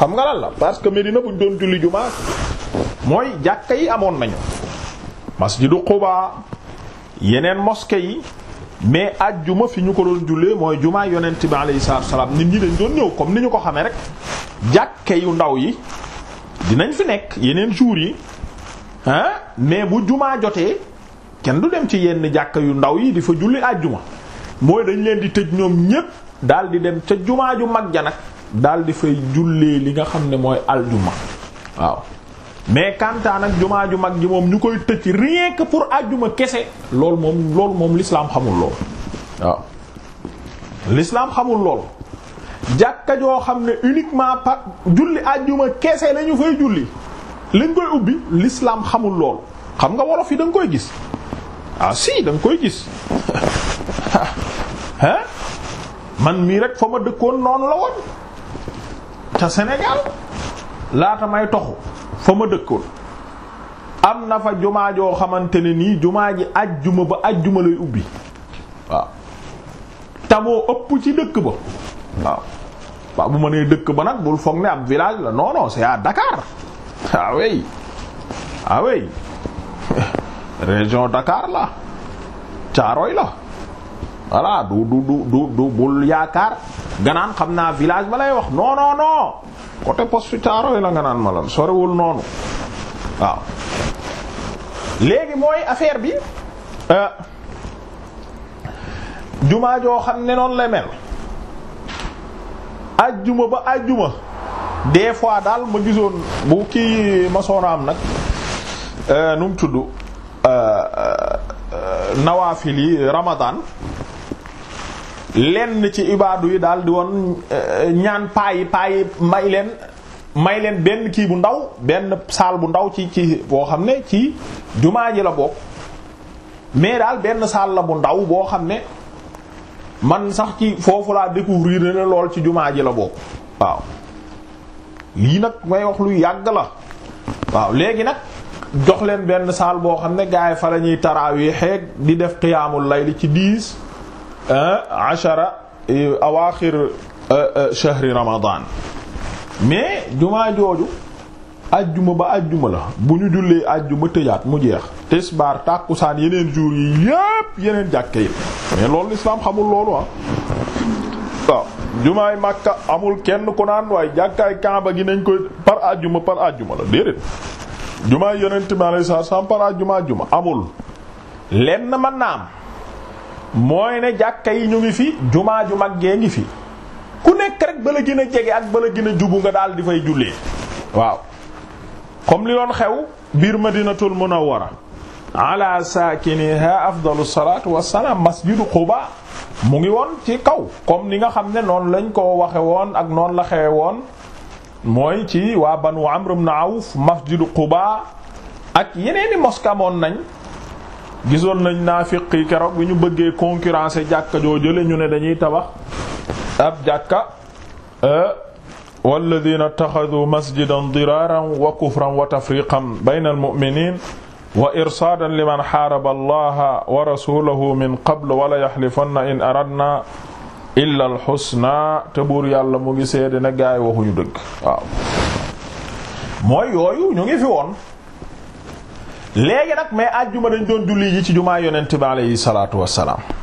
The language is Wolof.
xam nga lan la parce que Medina buñ doon julli jumaa mooy jàkka yi amoon nañu masjidu Quba yeneen moske yi mais ajjuma fi ñu ko doon jullee mooy jumaa yonent bi alayhi salaatu salaam nit ñi dañ doon ñëw comme ni ñu ko xamee rek jàkke yu ndaw yi dinañ fi nekk yeneen jours yi ah mais bu jumaa jotee kenn du dem ci yenn jàkka yu ndaw yi di fa julli ajjuma mooy dañ leen di tëj ñoom ñépp daal di dem ca jumaa ju mag ja daal di fay jullee li nga xam ne mooy aljuma waaw mais kantaan ak jumaa ju mag ji moom ñu koy tëj rien que pour aljuma kese loolu moom loolu moom l'islam xamul lool waaw l'islam xamul lool xam ne uniquement par julli aljuma kese la ñu fay julli lañ ubbi l'islam xamul lool xam nga wolof yi da koy gis ah si da koy gis hein man mii rek fa ma dëkkoon noonu la woon ca Sénégal laata may toxu fa ma dëkkoon am na fa jumaa joo xamante ne nii jumaa ji ajjuma ba ajjuma lay ubbi waaw ëpp ci dëkk ba waaw waaw bu ma nee dëkk ba nag bul foog ne am village la non non c'est à Dakar ah, ah région Dakar la Thiaroye la voilà du du du du bul yaakaar nga xam naa village ba lay wax non non non côté poste Thiaroye la nga naan ma lan sorewul noonu waaw léegi mooy affaire bi euh, jumaa joo xam ne noonu lay mel ajjuma ba ajjuma des fois daal ma gisoon bu kii masoona am nag euh, num mu tudd euh, nawaafil yi Ramadan lenn ci ibaadu yi daal di woon eh, ñaan paayi yi paa yi may leen may leen benn kii bu ndaw benn saal bu ndaw ci ci boo xam ne ci jumaa ji la bokk mais daal benn saal la bu ndaw boo xam ne man sax ci foofu laa découvrir ne lool ci jumaa ji la boob waaw lii nag may wax lu yàgg la waaw léegi nag jox leen benn saal boo xam ne gaay fa la ñuy taraawi xeeg di def qiyaamul layl ci diis achara awaaxir chahri ramadan mais jumaa jooju ajjuma ba ajjuma la bu ñu jullee ajjuma tëjaat mu jeex tisbaar tàkkusaan yeneen jours yi yépp yeneen jàkke yi mais loolu lislaam xamul loolu ah jumaay Makka amul kenn ku naan waaye jàkkaay Kaaba gi nañ koy par ajjuma par ajjuma la déedéet jumaay yeneen timaale sax par ajjuma ajjuma amul lenn mën naa mooy ne jàkka yi ñu ngi fi jumaa ju mag gee ngi fi ku nekk rek bala gën a jege ak bala gën a jubu nga daal di fay jullee waaw comme li doon xew biir madinatul munawwara ala saakiniha afdalu salaatu wassalaam masjidu Quba mu ngi woon ci kaw comme li nga xam ne noonu lañ ko waxe woon ak noonu la xewe woon mooy ci waa banu Amr ibn Awf masjidu Quba ak yeneeni moska moon nañ gisoon nañ naafiq yi keroog bi ñu bëggee concurrencer jàkka joo jële ñu ne dañuy tabax ab jàkka euh, walladina ittaxadu masjidan diraaran wa kufran wa tafriqan bayna almuminin wa irsaadan liman xaaraba allaha wa rasulahu min qabl wala yaxlifanna in aradna illa alxusna te buur yàlla mu ngi seede ne gaay waxuñu dëgg mooy yooyu ñu ngi fi woon léegi nag mais àjjuma dañ doon julli ji ci jumaa yonent bi aleyhi salaatu wassalaam